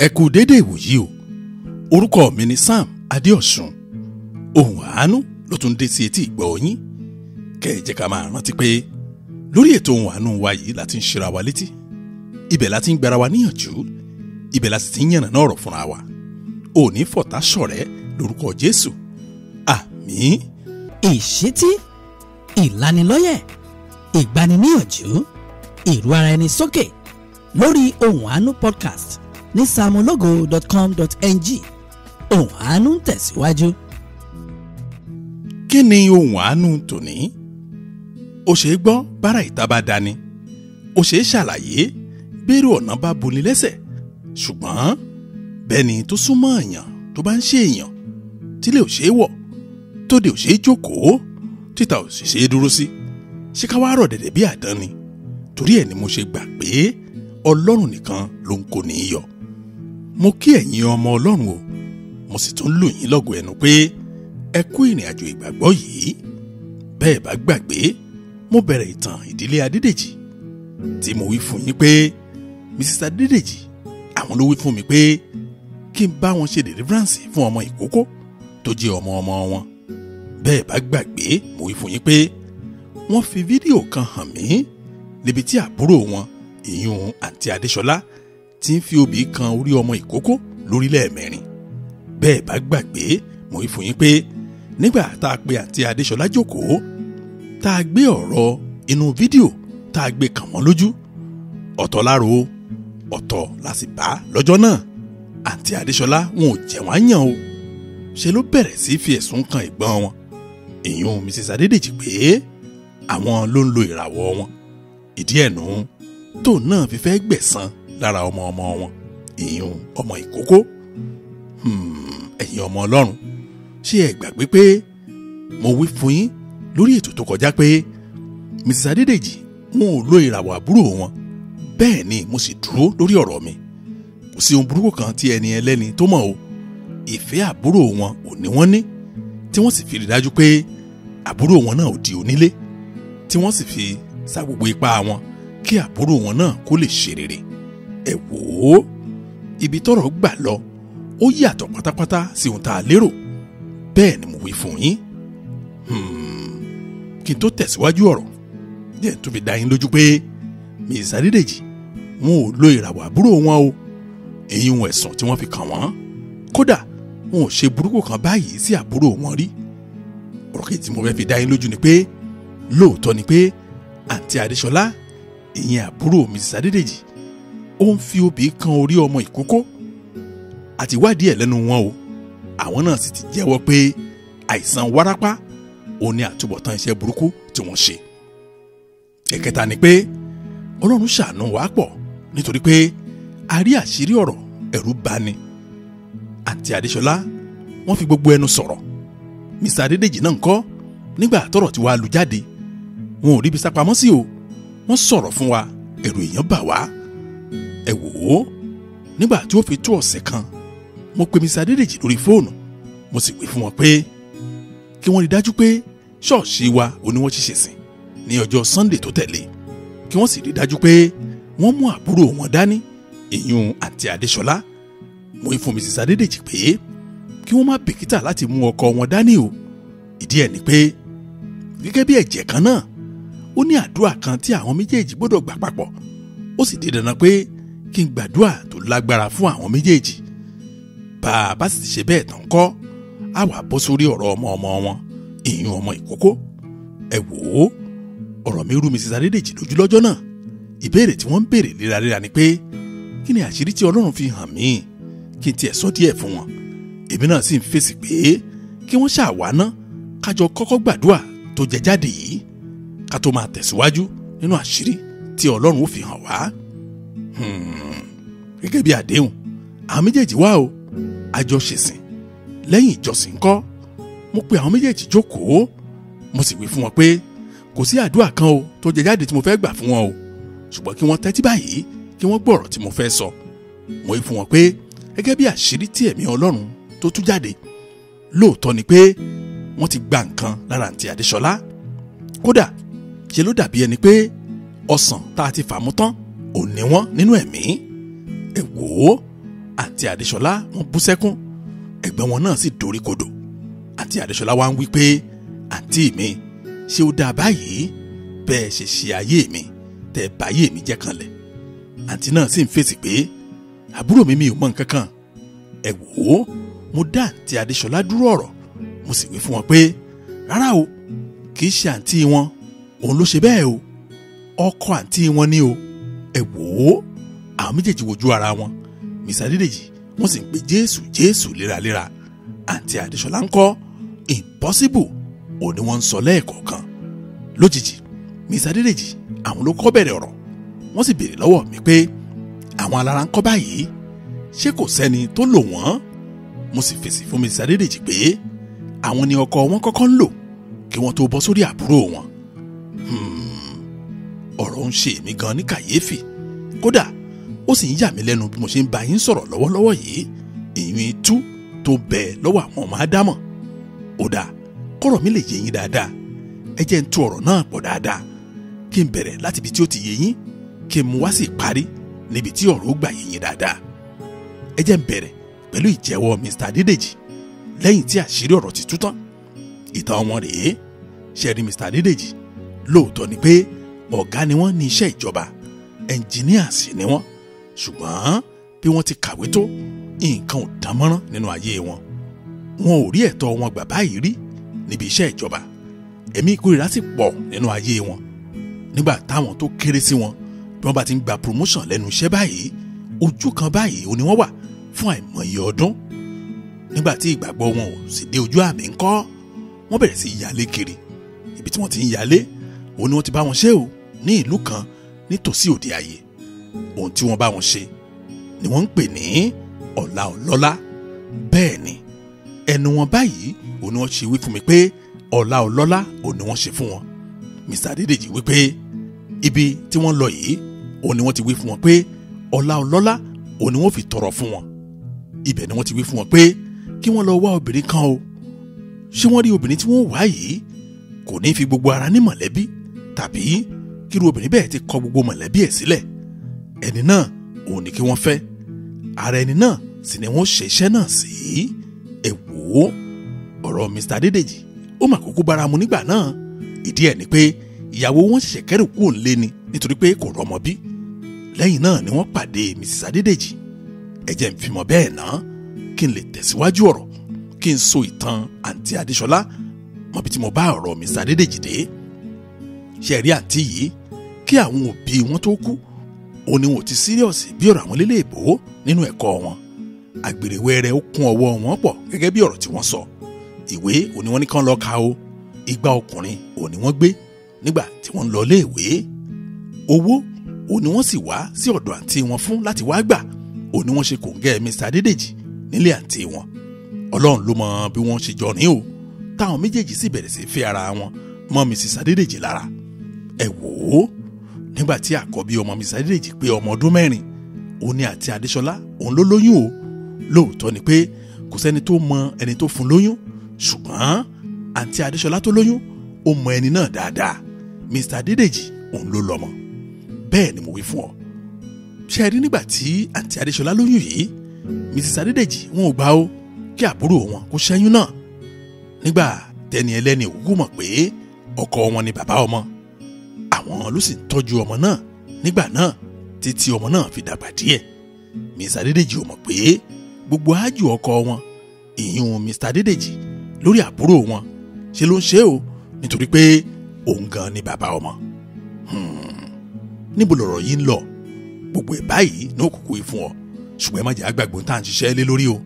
ẹ kú dédé ìwòyí o orúkọ mi ni Sam Adéọ̀sùn ohun àánú ló tún dé sí etí ìgbọ́ yín kẹ́ ẹ ká máa rántí pé lórí ètò ohun àánú wa yìí la ti ń ṣera wa létí ibẹ̀ la ti ń gbara wa níyànjú ibẹ̀ la sì ti ń yànnà náà ọ̀rọ̀ fúnra wa òní fọ̀tá ṣọ̀rẹ́ lórúkọ Jésù àmín. ìṣítí ìlanilọ́yẹ̀ ìgbaniníyànjú ìrú ara ẹni sókè lórí ohun àánú podcast ní salmonogo.com.ng ohun àánú ń tẹ̀síwájú. kí ni ohun àánú tòní? ó ṣeé gbọ́ bára ìta bá dání ó ṣeé ṣàlàyé bẹ́rù ọ̀nà bá buni lẹ́sẹ̀ ṣùgbọ́n bẹ́ni tó súnmọ́ èèyàn tó bá ń ṣe èèyàn tílé ò ṣeé wọ̀ tóde ò ṣeé jókòó títà ò sì ṣeé dúró sí ṣé ká wá rọ̀ dẹ̀dẹ̀ bí àdán ni torí ẹ̀ ni mo ṣe gbà pé ọlọ́run nìkan ló ń kó ni yọ mo kí ẹ̀yin ọmọ ọlọ́run o mo sì tún lù yín lọ́gọ̀ ẹnu pé ẹ kú ìrìn àjò ìgbàgbọ́ yìí bẹ́ẹ̀ bá gbàgbé mo bẹ̀rẹ̀ ìtàn ìdílé adédèjì tí mo wí fún yín pé mrs adédèjì àwọn ló wí fún mi pé kí n bá wọn ṣe deliverance fún ọmọ ìkókó tó jẹ́ ọmọ ọmọ wọn bẹ́ẹ̀ bá gbàgbé mo wí fún yín pé wọ́n fi fídíò kan hàn mí níbi tí àbúrò wọn ìyún àǹtí adéṣọlá tí ń fi obì kan orí ọmọ ìkókó lórílẹ̀ mẹ́rin bẹ́ẹ̀ bá gbàgbé mo ń fún yín pé nígbà tá a pe àǹtí Adéṣọlá jókòó tá a gbé ọ̀rọ̀ inú fídíò tá a gbé kàn wọ́n lójú ọ̀tọ̀ láro ọ̀tọ̀ la sì bá lọ́jọ́ náà àǹtí Adéṣọlá wọn ò jẹ́ wọ́n á yàn o ṣe ló bẹ̀rẹ̀ sí fi ẹ̀sùn kan ìgbọ́n wọn ìyún Mrs Adédèjì pé àwọn ló ń lo ìràwọ̀ wọn ìdí ẹ̀ nù tó náà fi fẹ́ gbẹ̀san lára ọmọ ọmọ wọn ìyún ọmọ ìkókó hmm, ẹ̀yin ọmọ ọlọ́run ṣé ẹ gbàgbé pé mo wí fún yín lórí ètò tó kọjá pé mrs adédèjì wọn ò lo ìràwọ̀ àbúrò wọn bẹ́ẹ̀ ni mo sì dúró lórí ọ̀rọ̀ mi kò sí ohun burúkú kan tí ẹni ẹlẹ́ni tó mọ̀ o ìfẹ́ àbúrò wọn ò ní wọ́n ní tí wọ́n sì fi rí dájú pé àbúrò wọn náà ò di onílé tí wọ́n sì fi sá gbogbo ipá wọn kí àbúrò wọn náà kó lè ṣe rere ẹ wò ó ibi tọ́rọ̀ gbà lọ ó yàtọ̀ pátápátá sí ohun tá a lérò bẹ́ẹ̀ ni mo wí fún yín hmm. kí n tó tẹ̀síwájú ọ̀rọ̀ díẹ̀ tó fi dá yín lójú pé Miss Adédèjì wọn ò lo ìràwọ̀ àbúrò wọn o èyí wọn ẹ̀sùn tí wọ́n fi kàn wọ́n kódà wọn ò ṣe burúkú kan báyìí sí àbúrò wọn rí ọ̀rọ̀ kejì tí mo fẹ́ fi dá yín lójú ni pé lóòótọ́ ni pé àǹtí Adéṣọlá ìyẹn àbúrò Miss Adédèjì ó ń fi obì kan orí ọmọ ìkókó àti wádìí ẹ̀ lẹ́nu wọn o àwọn náà sì ti jẹ́wọ́ pé àìsàn wárápá òun ni àtúbọ̀tán iṣẹ́ burúkú tí wọ́n ṣe ẹ̀kẹta ni pé ọlọ́run ṣàánú wàá pọ̀ nítorí pé a rí àṣírí ọ̀rọ̀ ẹ̀rù bani àti adéṣọlá wọ́n fi gbogbo ẹnu sọ̀rọ̀ mr adédèjì náà ń kọ́ nígbà tọ́rọ̀ tí wàá lu jáde wọn ò ríbi sápamọ́ sí o wọ́n sọ̀rọ̀ fún wa ẹ̀rù èèyàn bà wá ẹ wò ó nígbà tí ó fi tó ọ̀sẹ̀ kan mo pe mr adédèjì lórí fóònù mo sì wí fún wọn pé kí wọ́n rí dájú pé ṣọ́ọ̀ṣì wa oníwọ́n ṣiṣẹ́ sìn ní ọjọ́ sunday tó tẹ̀lé kí wọ́n sì rí dájú pé wọ́n mú àbúrò wọn dání ìyún àti adéṣọlá mo wí fún mrs adédèjì pé kí wọ́n má bìkítà láti mú ọkọ wọn dání o ìdí ẹ̀ ni pé gẹ́gẹ́ bí ẹ̀jẹ̀ kan náà ó ní àdúrà kan tí àwọn méjèèjì gbọ́dọ̀ gbà papọ̀ ó sì di dandan pé kí n gbàdúrà tó lágbára fún àwọn méjèèjì bá a bá sì ṣe bẹ́ẹ̀ tán kọ́ á wà bọ́ sórí ọ̀rọ̀ ọmọ ọmọ wọn ìyún ọmọ ìkókó ẹ wò ó ọ̀rọ̀ mi rú Mrs Adédèjì lójú lọ́jọ́ náà ìbéèrè tí wọ́n ń béèrè léraléra ni pé kí ni àṣírí tí Ọlọ́run fi hàn mí kí n tiẹ̀ sọ díẹ̀ fún wọn èmi náà sì ń fèsì pé kí wọ́n ṣàwáná kájọ kọ́kọ́ gbàdúrà tó jẹ jáde yìí ká tó máa tẹ̀síwájú nínú àṣírí tí Ọlọ́run ó fi hàn wá. Hmm. gẹ́gẹ́ bí àdéhùn àwọn méjèèjì wá o àjọṣesìn lẹ́yìn ìjọsìn kọ́ mo pe àwọn méjèèjì jókòó mo sì wí fún wọn pé kò sí àdúrà kan o tó jẹ jáde tí mo fẹ́ gbà fún wọn o ṣùgbọ́n kí wọ́n tẹ́tí báyìí kí wọ́n gbọ́ ọ̀rọ̀ tí mo fẹ́ sọ mo wí fún wọn pé gẹ́gẹ́ bí àṣírí tí ẹ̀mí ọlọ́run tó tú jáde lóòótọ́ ni pé wọ́n ti gba nǹkan lára àǹtí àdéṣọlá kódà ṣe ló dàbí ẹni pé ọsàn tá a ti fà mú tán ò ní wọ́n nínú ẹ̀mí èwo àti àdéṣọlá wọ́n bú sẹ́kún ẹ̀gbọ́n wọn náà sì dorí kodò àti àdéṣọlá wá ń wí pé àǹtí mi ṣé ó dáa báyìí bẹ́ẹ̀ ṣe ṣe ayé mi tẹ́ báyé mi jẹ́ kanlẹ̀ àǹtí náà sì ń fèsì pé àbúrò mi mi ò mọ nǹkan kan ẹ wò ó mo dá àǹtí adéṣọlá dúró ọ̀rọ̀ mo sì wí fún wọn pé rárá o kì í ṣe àǹtí wọn òun ló ṣe bẹ́ẹ̀ o ọkọ àǹtí wọn ni o ẹ wò ó àwọn méjèèjì wojú ara wọn mísà dídèjì wọ́n sì ń pe jésù jésù léraléra àǹtí àdéṣọlá ń kọ́ impossible òun ni wọ́n ń sọ lẹ́ẹ̀kọ̀ọ̀kan lójijì mísà dídèjì àwọn ló kọ́ bẹ̀rẹ̀ ọ̀rọ̀ wọ́n sì béèrè lọ́wọ́ mi pé àwọn alára ń kọ́ báyìí ṣé kò sẹ́ni tó lò wọ́n mo sì fèsì fún mísà pé àwọn ni ọkọ wọn kọ́kọ́ ń lò kí wọ́n tó bọ́ sórí àbúrò wọn ọ̀rọ̀ ń ṣe èmi gan ní kàyéfì kódà ó sì ń yà mí lẹ́nu bí mo ṣe ń bá yín sọ̀rọ̀ lọ́wọ́lọ́wọ́ yìí ìyìn tú tó bẹ lọ́wọ́ àwọn ọmọ ádámọ̀ ó dáa kọ́rọ̀ mi lè yé yín dáadáa ẹ jẹ́ ń tú ọ̀rọ̀ náà pọ̀ dáadáa kí n bẹ̀rẹ̀ láti ibi tí ó ti yé yín kí n mú wá sí ìparí níbi tí ọ̀rọ̀ ó gbà yé yín dáadáa ẹ jẹ́ ń bẹ̀rẹ̀ pẹ̀lú ìjẹ́wọ́ Mr. Adédèjì lẹ́yìn tí àṣírí ọ̀rọ̀ ti tú tán ìtàn wọn rèé ṣẹ́ni Mr. Adédèjì lóòótọ́ ni pé ọ̀gá ni wọ́n ní iṣẹ́ ìjọba ẹnjìníà sì ni wọ́n ṣùgbọ́n bí wọ́n ti kàwé tó nǹkan ò dán mọ́rán nínú ayé wọn wọn ò rí ẹ̀tọ́ wọn gbà báyìí rí níbi iṣẹ́ ìjọba ẹ̀mí ìkórìíra sì pọ̀ nínú ayé wọn nígbà táwọn tó kéré sí wọn bí wọ́n bá ti ń gba promotion lẹ́nu iṣẹ́ báyìí ojú kan báyìí ò ní wọ́n wà fún àìmọye ọdún nígbà tí ìgbàgbọ́ wọn ò sì dé ojú àmì ńkọ́ wọ́n bẹ̀rẹ̀ sí yálé kiri ibi tí wọ́n ti ń yálé òun ni wọ́n ti bá wọn ṣe o ní ìlú kan nítòsí òde ayé ohun tí wọ́n bá wọn ṣe ni wọ́n ń pè ní ọ̀la ọlọ́lá bẹ́ẹ̀ ni ẹnu wọn báyìí òun ni wọ́n ṣe wí fún mi pé ọ̀la ọlọ́lá òun ni wọ́n ṣe fún wọn Mr Adédèjì wí pé ibi tí wọ́n lọ yìí òun ni wọ́n ti wí fún wọn pé ọ̀la ọlọ́lá òun ni wọ́n fi tọrọ fún wọn ibẹ̀ ni wọ́n ti wí fún wọn pé kí wọ́n lọ wá obìnrin kan o ṣé wọ́n rí obìnrin tí wọ́n wá yìí kò ní fi gbogbo ara ní mọ̀lẹ́bí tàbí kíru obìnrin bẹ́ẹ̀ ti kọ gbogbo mọ̀lẹ́bí ẹ̀ sílẹ̀ ẹni náà òun ni kí wọ́n fẹ́ ara ẹni náà sì ni wọ́n ṣe iṣẹ́ náà sí ẹ wò ó ọ̀rọ̀ Mr Adédèjì ó mà kúkú bára mu nígbà náà ìdí ẹ̀ ni pé ìyàwó wọn ṣẹ̀ṣẹ̀ kẹ́rù kú òun lé ni nítorí pé kò rọ́mọ bí lẹ́yìn náà ni wọ́n pàdé Mrs Adédèjì ẹ jẹ́ n fìmọ̀ bẹ́ẹ̀ náà kí n lè tẹ̀síwájú ọ̀rọ̀ kí n so ìtàn àǹtí Adéṣọlá mọ̀bí tí mo bá ọ̀rọ̀ Mr Adédèjì dé ṣe rí àǹtí yìí kí àwọn òbí wọn tó kú ó ní wọn ò ti sírìọ̀sì bí ọ̀rọ̀ àwọn lélẹ̀ èbó nínú ẹ̀kọ́ wọn àgbèrè wẹ́rẹ́ ó kún ọwọ́ wọn pọ̀ gẹ́gẹ́ bí ọ̀rọ̀ tí wọ́n sọ ìwé òní wọn ní kán lọ ka o igba ọkùnrin òní wọn gbé nígbà tí wọ́n ń lọ léèwé owó òní wọn sì wá sí ọ̀dọ̀ àǹtí wọn fún láti wá gbà òní wọn ṣe kòǹgẹ́ Mr Adédèjì nílé àǹtí wọn ọlọ́run ló mọ bí wọ́n ṣe jọ o táwọn méjèèjì sì bẹ̀rẹ̀ sí fẹ́ ara wọn mọ́ Mrs Adédèjì lára ẹ wò ó nígbà tí àkọ́bí ọmọ mi ṣàdédéjì pé ọmọ ọdún mẹ́rin òun ni àti adéṣọlá òun ló lóyún o lóòótọ́ ni pé kò sẹ́ni tó mọ ẹni tó fún lóyún ṣùgbọ́n àǹtí adéṣọlá tó lóyún ó mọ ẹni náà dáadáa mr adédèjì òun ló lọ́mọ bẹ́ẹ̀ ni mo wí fún ọ ṣe rí nígbà tí àǹtí adéṣọlá lóyún yìí mrs adédèjì wọn ò gbà ó kí àbúrò wọn kó ṣẹ́yún náà nígbà tẹni ẹlẹ́ni òkú mọ̀ pé ọkọ wọn ni bàbá ọmọ àwọn ló sì tọ́jú ọmọ náà nígbà náà títí ọmọ náà fi dàgbà díẹ̀ Mr Adédèjì ò mọ̀ pé gbogbo ájù ọkọ wọn ìyún Mr Adédèjì lórí àbúrò wọn ṣe ló ń ṣe o nítorí pé òun gan ni bàbá ọmọ hmm. níbo lọ̀rọ̀ yìí ń lọ gbogbo ẹ̀ báyìí ní òkùnkùn ìfún ọ ṣùgbọ́n ẹ má jẹ́ àgbàgbọ́ tá à ń ṣiṣẹ́ lé lórí o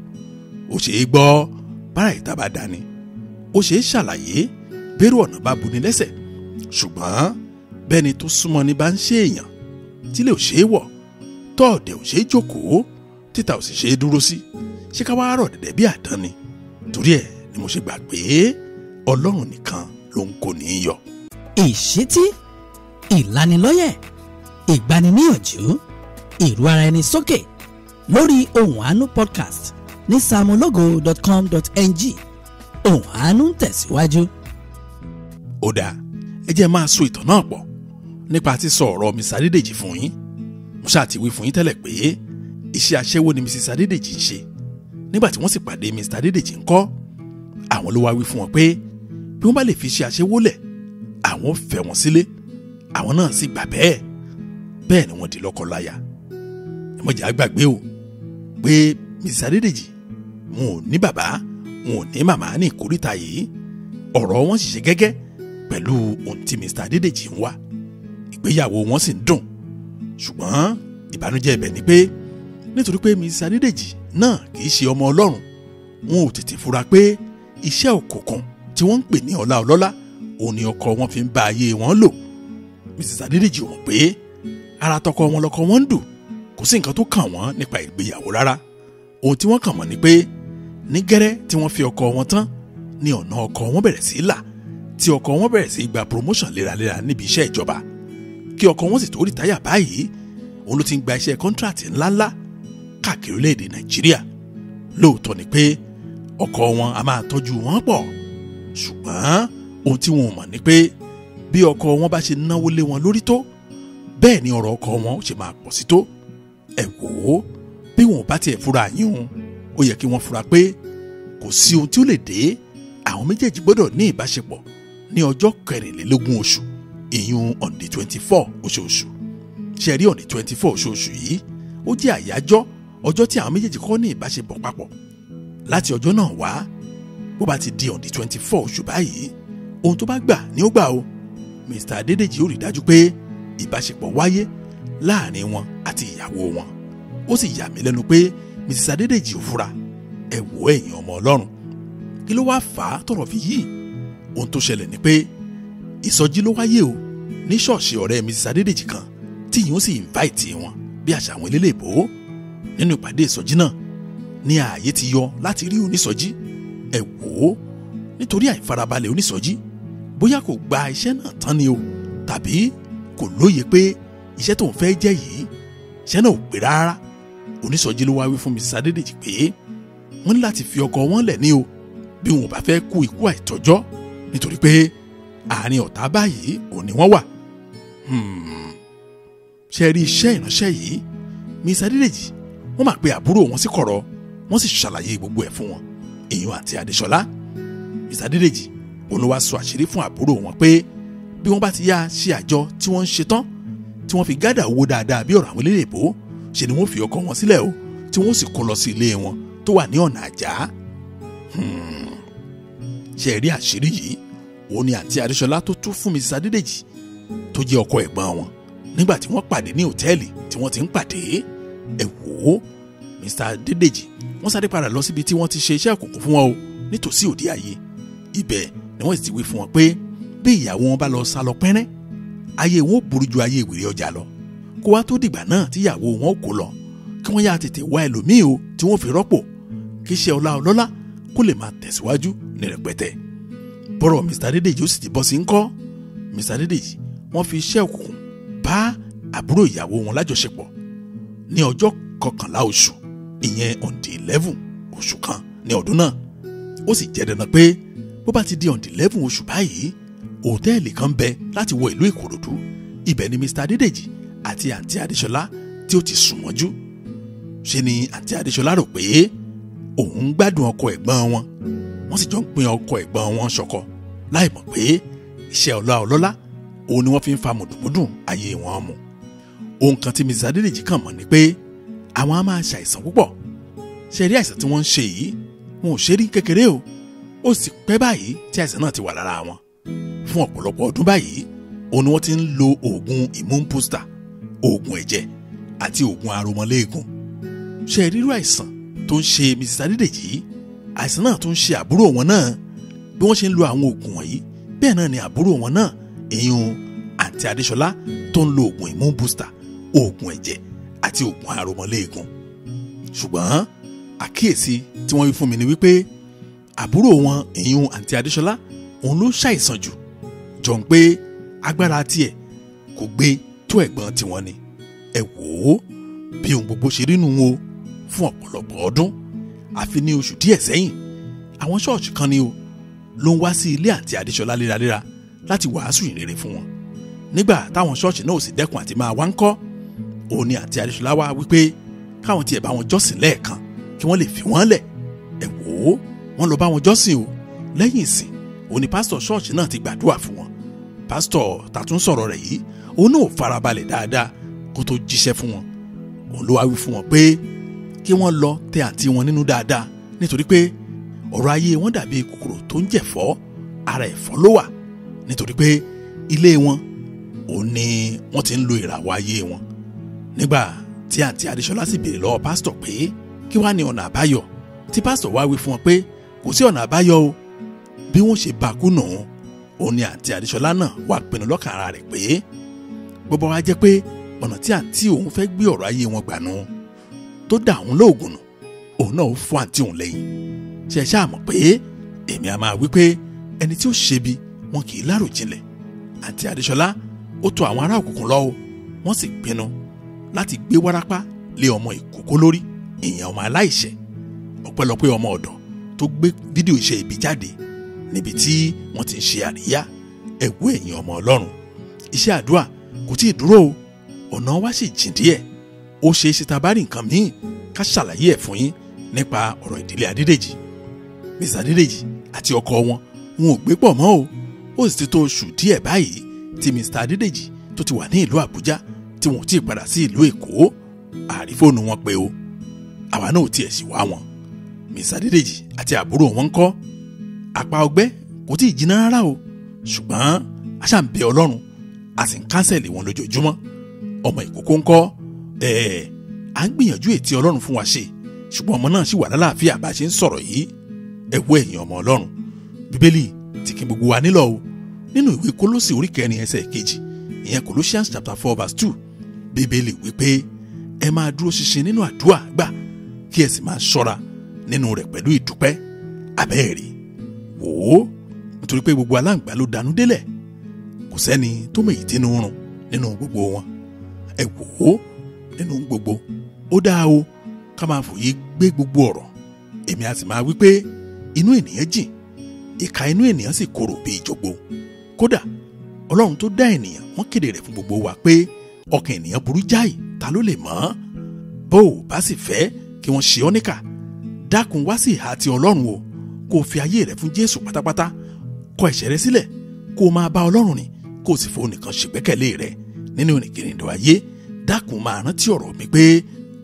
ó ṣeé gbọ́ bára ìta bá dání ó ṣeé ṣàlàyé bẹ́rù ọ̀nà bá buni lẹ́sẹ̀ ṣùgbọ́n bẹ́ni tó súnmọ́ ni bá ń ṣe èèyàn tílẹ̀ ò ṣe é wọ̀ tọ́ọ̀dẹ̀ ò ṣe é jókòó títà ò sì ṣe é dúró sí ṣé ká wá rọ̀ dẹ̀dẹ̀ bí àdán ni torí ẹ̀ ni mo ṣe gbà pé ọlọ́run nìkan ló ń kó ní í yọ. ìṣítí ìlanilọ́yẹ̀ ìgbaniníyànjú ìrú ara ẹni sókè lórí ohùn àánú podcast ní samologo.com.ng ohùn àánú ń tẹ̀síwájú. ó dáa ẹ jẹ́ máa so ìtàn náà pọ̀ nípa sísọ ọ̀rọ̀ Mrs Adédèjì fún yín mo ṣáà wí fún yín tẹ́lẹ̀ pé iṣẹ́ aṣẹ́wó ni Mrs Adédèjì ń ṣe nígbà tí wọ́n sì pàdé Mr Adédèjì ńkọ́ àwọn ló wá wí fún wọn pé bí wọ́n bá lè fi iṣẹ́ aṣẹ́wó lẹ̀ àwọn fẹ́ wọn sílé àwọn náà sì gbà bẹ́ẹ̀ bẹ́ẹ̀ ni wọ́n di lọ́kọláya ẹ mọ̀ jà gbàgbé o pé Mrs Adédèjì wọn ò ní bàbá wọn ò ní màmá ní ìkórìtà yìí ọ̀rọ̀ wọn sì ṣe gẹ́gẹ́ pẹ̀lú ohun tí Mr Adédèjì ń wá ìgbéyàwó wọn sì ń dùn ṣùgbọ́n ìbànújẹ́ ibẹ̀ ni pé nítorí pé Mrs Adédèjì náà kì í ṣe ọmọ Ọlọ́run wọn ò tètè fura pé iṣẹ́ òkùnkùn tí wọ́n ń pè ní ọlá ọlọ́lá òun ni ọkọ wọn fi ń ba ayé wọn lò Mrs Adédèjì ò pé ara tọkọ wọn lọkọ wọn ń dùn kò sí nǹkan tó kàn wọ́n nípa ìgbéyàwó rárá ohun tí wọ́n kàn wọ́n ni pé ní gẹ́rẹ́ tí wọ́n fi ọkọ wọn tán ni ọ̀nà ọkọ wọn bẹ̀rẹ̀ sí là tí ọkọ wọn bẹ̀rẹ̀ sí gba promotion léraléra níbi iṣẹ́ ìjọba kí ọkọ wọn sì tó rìtáyà báyìí òun ló ti ń gba iṣẹ́ kọ́ńtíráàtì ńláńlá káàkiri orílẹ̀-èdè nàìjíríà lóòótọ́ ni pé ọkọ wọn a máa tọ́jú wọn pọ̀ ṣùgbọ́n ohun tí wọn ò mọ̀ ni pé bí ọkọ wọn bá ṣe náwó lé wọn lórí tó bẹ́ẹ̀ ni ọ̀rọ̀ ọkọ wọn ṣe máa pọ̀ sí tó ẹ wò ó bí wọn bá tiẹ̀ fura yín o ó yẹ kí wọ́n fura pé kò sí ohun tí ó lè dé àwọn méjèèjì gbọ́dọ̀ ní ìbáṣepọ̀ ní ọjọ́ kẹrìnlélógún oṣù ìyún on the twenty four oṣooṣù ṣe rí on the twenty four oṣooṣù yìí ó jẹ́ àyájọ́ ọjọ́ tí àwọn méjèèjì kọ́ ní ìbáṣepọ̀ papọ̀ láti ọjọ́ náà wá bó bá ti di on the twenty four oṣù báyìí ohun tó bá gbà ni ó gbà o Mr Adédèjì ó rí dájú pé ìbáṣepọ̀ wáyé láàrin wọn àti ìyàwó wọn ó sì yà mí lẹ́nu pé Mrs Adédèjì ò fura ẹ wò ẹ̀yin ọmọ Ọlọ́run kí ló wáá fà á tọ̀rọ̀ fi yìí ohun tó ṣẹlẹ̀ ni pé ìsọjí ló wáyé o ní ṣọ́ọ̀ṣì ọ̀rẹ́ Mrs Adédèjì kan tí yìí ó sì invite wọn bí àṣà àwọn eléléèbó nínú ìpàdé ìsọjí náà ní ààyè ti yọ láti rí onísọjí ẹ wò ó nítorí àìfarabalẹ̀ onísọjí bóyá kò gba iṣẹ́ náà tán ni o tàbí kò lóye pé iṣẹ́ tó ń fẹ́ jẹ́ yìí iṣẹ́ náà ò pé rárá onísọjí ló wá wí fún Mrs Adédèjì pé wọ́n ní láti fi ọkọ wọn lẹ̀ ní o bí wọn ò bá fẹ́ kú ikú àìtọ́jọ́ nítorí pé àárín ọ̀tá báyìí ò ní wọ́n wà. Hmm. ṣe rí iṣẹ́ ìránṣẹ́ yìí Miss Adédèjì wọ́n máa pe àbúrò wọn sí kọ̀rọ̀ wọ́n sì ṣàlàyé gbogbo ẹ̀ fún wọn èèyàn àti Adéṣọlá Miss Adédèjì olówó aṣọ àṣírí fún àbúrò wọn pé bí wọ́n bá ti yá ṣe àjọ tí wọ́n ń ṣe tán tí wọ́n fi gádà owó dáadáa bí ọ̀rọ̀ àwọn eléyìnbó ṣe ni wọ́n fi ọkọ wọn sílẹ̀ o tí wọ́n sì kó lọ sí ilé wọn tó wà ní ọ̀nà àjá hmm. ṣe rí àṣírí yìí òun ni àǹtí adéṣọlá tó tún fún mrs adédèjì tó jẹ́ ọkọ ẹ̀gbọ́n wọn nígbà tí wọ́n pàdé ní òtẹ́ẹ̀lì tí wọ́n ti ń pàdé ẹ wò ó mr adédèjì wọ́n sáré padà lọ síbi tí wọ́n ti ṣe iṣẹ́ àkókò fún wọn o nítòsí òde àyè ibẹ̀ ni wọ́n sì ti wí fún wọn pé bí ìyàwó wọn bá lọ sá lọ pẹ́rẹ́ ayé wọn ò burú ju ayé ìwèrè ọjà lọ kó wá tó dìgbà náà tíyàwó wọn ò kó lọ kí wọ́n yá tètè wá ẹlòmíì o tí wọ́n fi rọ́pò kí iṣẹ́ ọlá ọlọ́lá kó lè máa tẹ̀síwájú ní rẹpẹtẹ bọ́rọ̀ Mr Adédèjì ó sì ti bọ́ sí ń kọ́ Mr Adédèjì wọ́n fi iṣẹ́ òkùnkùn bá àbúrò ìyàwó wọn lájọṣepọ̀ ní ọjọ́ kọkànlá oṣù ìyẹn on eleven oṣù kan ní ọdún náà ó sì jẹ́ dandan pé bó bá ti di on eleven oṣù báyìí òtẹ́ẹ̀lì kan bẹ láti wọ ìlú Ìkòròdú ibẹ̀ ni Mr Adédèjì àti àǹtí Adéṣọlá tí ó ti sùn mọ́jú ṣe ni àǹtí Adéṣọlá rò pé òun ń gbádùn ọkọ ẹ̀gbọ́n wọn wọ́n sì jọ ń pín ọkọ ẹ̀gbọ́n wọn ṣọkọ láì mọ̀ pé iṣẹ́ ọlá ọlọ́lá òun ni wọ́n fi ń fa mùdùmùdùn ayé wọn mu ohun kan tí Mrs Adeliji kàn mọ̀ ni pé àwọn á máa ṣàìsàn púpọ̀ ṣe rí àìsàn tí wọ́n ń ṣe yìí wọn ò ṣe rí kékeré o ó sì pẹ́ báyìí tí àìsàn náà ti wà lára wọn fún ọ̀pọ̀lọpọ̀ ọdún báyìí òun ni wọ́n ti ń lo oògùn immune booster oògùn ẹ̀jẹ̀ àti oògùn aromọléegun ṣe ríru àìsàn tó ń ṣe Mrs Adeliji àìsàn náà tó ń ṣe àbúrò wọn náà bí wọ́n ṣe ń lo àwọn oògùn wọ̀nyí bẹ́ẹ̀ náà ni àbúrò wọn náà èyún àǹtí adéṣọlá tó ń lo oògùn immune booster oògùn ẹ̀jẹ̀ àti oògùn àròmọléegun ṣùgbọ́n àkíyèsí tí wọ́n fi fún mi ni wípé àbúrò wọn èyún àǹtí adéṣọlá òun ló ṣàìsàn jù jọ ń pé agbára tiẹ̀ kò gbé tó ẹ̀gbọ́n tiwọn ni ẹ wò ó bí ohun gbogbo ṣe rí nù o fún ọ̀pọ̀lọpọ̀ ọdún àfi ní oṣù díẹ̀ sẹ́yìn àwọn ṣọ́ọ̀ṣì kan ni o ló ń wá sí ilé àti Adéṣọlá léraléra láti wàásù ìrere fún wọn nígbà táwọn ṣọ́ọ̀ṣì náà ò sì dẹ́kun àti máa wá ń kọ́ òun ni àti Adéṣọlá wá wípé káwọn tiẹ̀ bá wọn jọ́sìn lẹ́ẹ̀kan kí wọ́n lè fi wọ́n lẹ̀ ẹ̀ wò ó wọ́n lọ bá wọn jọ́sìn o lẹ́yìn ìsìn òun ni pásítọ̀ ṣọ́ọ̀ṣì náà ti gbàdúrà fún wọn pásítọ̀ tàtún sọ̀rọ̀ rẹ̀ yìí òun náà farabalẹ̀ dáadáa kó tó jíṣẹ́ fún wọn òun ló wá wí fún wọn pé kí wọ́n lọ tẹ àǹtí wọn nínú dáadáa nítorí pé ọ̀rọ̀ ayé wọn dàbí kòkòrò tó ń jẹ̀fọ́ ara ẹ̀fọn ló wà nítorí pé ilé wọn òun ni wọ́n ti ń lo ìràwọ̀ ayé wọn nígbà tí àǹtí Adéṣọlá sì béèrè lọ́wọ́ pásítọ̀ pé kí wàá ní ọ̀nà àbáyọ tí pásítọ̀ wá wí fún wọn pé kò sí ọ̀nà àbáyọ o bí wọ́n ṣe bá a kú nù òun ni àǹtí Adéṣọlá náà wà pinnu lọ́kàn ara rẹ̀ pé gbogbo wa jẹ́ pé ọ̀nà tí àǹtí òun fẹ́ gbé ọ̀rọ̀ ayé wọn gbà nù tó dà òun lóògùn òun náà fún àǹtí òun lẹ́yìn ṣe ẹ ṣáà mọ̀ pé èmi a máa wí pé ẹni tí ó ṣe bí wọn kì í láròjinlẹ̀ àti àdéṣọlá ó tọ̀ àwọn ará òkùnkùn lọ́wọ́ wọ́n sì pinnu láti gbé wárápá lé ọmọ ìkókó lórí ìyẹn ọmọ aláìṣẹ̀ ọpẹ́lọpẹ́ ọmọ ọ̀dọ̀ tó gbé fídíò iṣẹ́ ibi jáde níbi tí wọ́n ti ń ṣe àríyá ẹ̀wú ẹ̀yìn ọmọ ọlọ́run iṣẹ́ àdúrà kò tí ì dúró o ọ̀nà wa sì jìn díẹ̀ ó ṣe é ṣe tá a bá rí nǹkan míì ká ṣàlàyé ẹ̀ fún yín nípa ọ̀rọ̀ ìdílé adédèjì mr adédèjì àti ọkọ wọn wọn ò gbé pọ̀ mọ́ o ó sì ti tó oṣù díẹ̀ báyìí tí mr adédèjì tó ti wà ní ìlú àbújá tí wọn ò tí ì padà sí ìlú èkó àrífóònù wọn pé o àwa náà ò tiẹ̀ sì wá wọn mr adédèjì àti àbúrò wọn ń kọ́ àpá ọgbẹ́ kò tí ì jiná rárá o ṣùgbọ́n a ṣáà ń bẹ ọlọ́run a sì ń kánsẹ̀lì wọn lójoojúmọ́ ọmọ ìkókó ń kọ́ ẹ̀ẹ́ à ń gbìyànjú ètí ọlọ́run fún wa ṣe ṣùgbọ́n ọmọ náà ṣì wà lálàáfíà bá a ṣe ń sọ̀rọ̀ yìí ẹ̀wọ́ ẹ̀yìn ọmọ ọlọ́run bíbélì ti kí gbogbo wa nílọ o nínú ìwé kólósì orí kẹrin kejì ìyẹn Colossians chapter four verse two bíbélì wípé ẹ máa dúró ṣinṣin nínú àdúrà gbà kí ẹ sì máa ṣọ́ra nínú rẹ̀ pẹ̀lú ìdúpẹ́ abẹ́ẹ̀rí wò ó nítorí pé gbogbo aláǹgbá ló danú délẹ̀ kò sẹ́ni tó mọ èyí tínú rùn nínú gbogbo wọn ẹ wò ó nínú gbogbo ó dáa o ká máa fòye gbé gbogbo ọ̀rọ̀ èmi a sì máa wí pé inú ènìyàn jìn ìka inú ènìyàn sì korò bí ìjọgbó kódà ọlọ́run tó dá ènìyàn wọ́n kéde rẹ̀ fún gbogbo wa pé ọkàn ènìyàn burú jáì ta ló lè mọ̀ ọ́ bó o bá sì fẹ́ kí wọ́n ṣe ọ́ níkà dákun wá sí ìhà ti ọlọ́run o kó o fi ayé rẹ fún jésù pátápátá kọ ẹ̀ṣẹ̀ rẹ sílẹ̀ kó o máa bá ọlọ́run rìn kó o sì fo nìkan ṣègbẹ́kẹ̀lé rẹ nínú ìrìnkìrìndò ayé dákun máa rántí ọ̀rọ̀ mi pé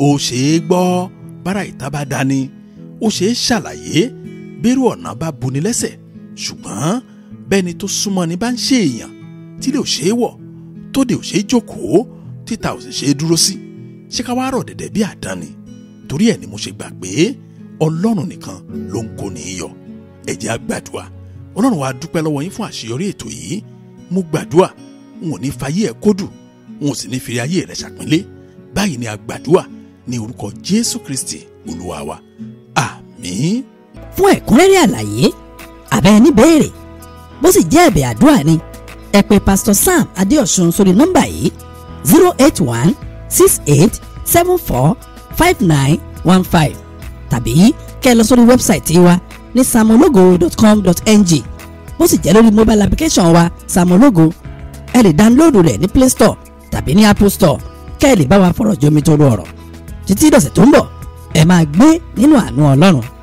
o ṣe é gbọ́ bára ìta bá dání o ṣe é ṣàlàyé bẹ́rù ọ̀nà bá buni lẹ́sẹ̀ ṣùgbọ́n bẹ́ni tó súnmọ́ ni bá ń ṣe èèyàn tílé ò ṣe é wọ̀ tóde ò ṣe é jókòó títa ò sì ṣe é dúró sí ṣé ká wá rọ̀ dẹ̀dẹ̀ bí àdán ni torí ẹ̀ ni mo ṣe gbà pé ọlọ́run nìkan ló ń kó ni yọ ẹ jẹ́ á gbàdúrà ọlọ́run wa dúpẹ́ lọ́wọ́ yín fún àṣeyọrí ètò yìí mo gbàdúrà n ò ní fayé ẹ kódù n ò sì ní fi ayé rẹ ṣàpínlé báyìí ni a gbàdúrà ní orúkọ jésù kristi olúwa wa àmín. Ah, fún ẹ̀kúnrẹ́rẹ́ àlàyé àbẹ́ ní béèrè bó sì jẹ́ ẹ̀bẹ̀ àdúrà ni ẹ pè Pastor Sam Adéọ̀sùn sórí nọ́mbà yìí zero eight one six eight seven four five nine one five tàbí kẹ́ ẹ lọ sórí wẹ́bsáìtì wa ní samologo.com.ng bó sì jẹ́ lórí mobile application wa samologo ẹ lè dáńlóòdù rẹ̀ ní Play Store tàbí ní Apple Store kẹ́ ẹ lè bá wa fọ̀rọ̀ jomitoro ọ̀rọ̀ títí dọ̀sẹ̀ tó ń bọ̀ ẹ máa gbé nínú àánú Ọlọ́run.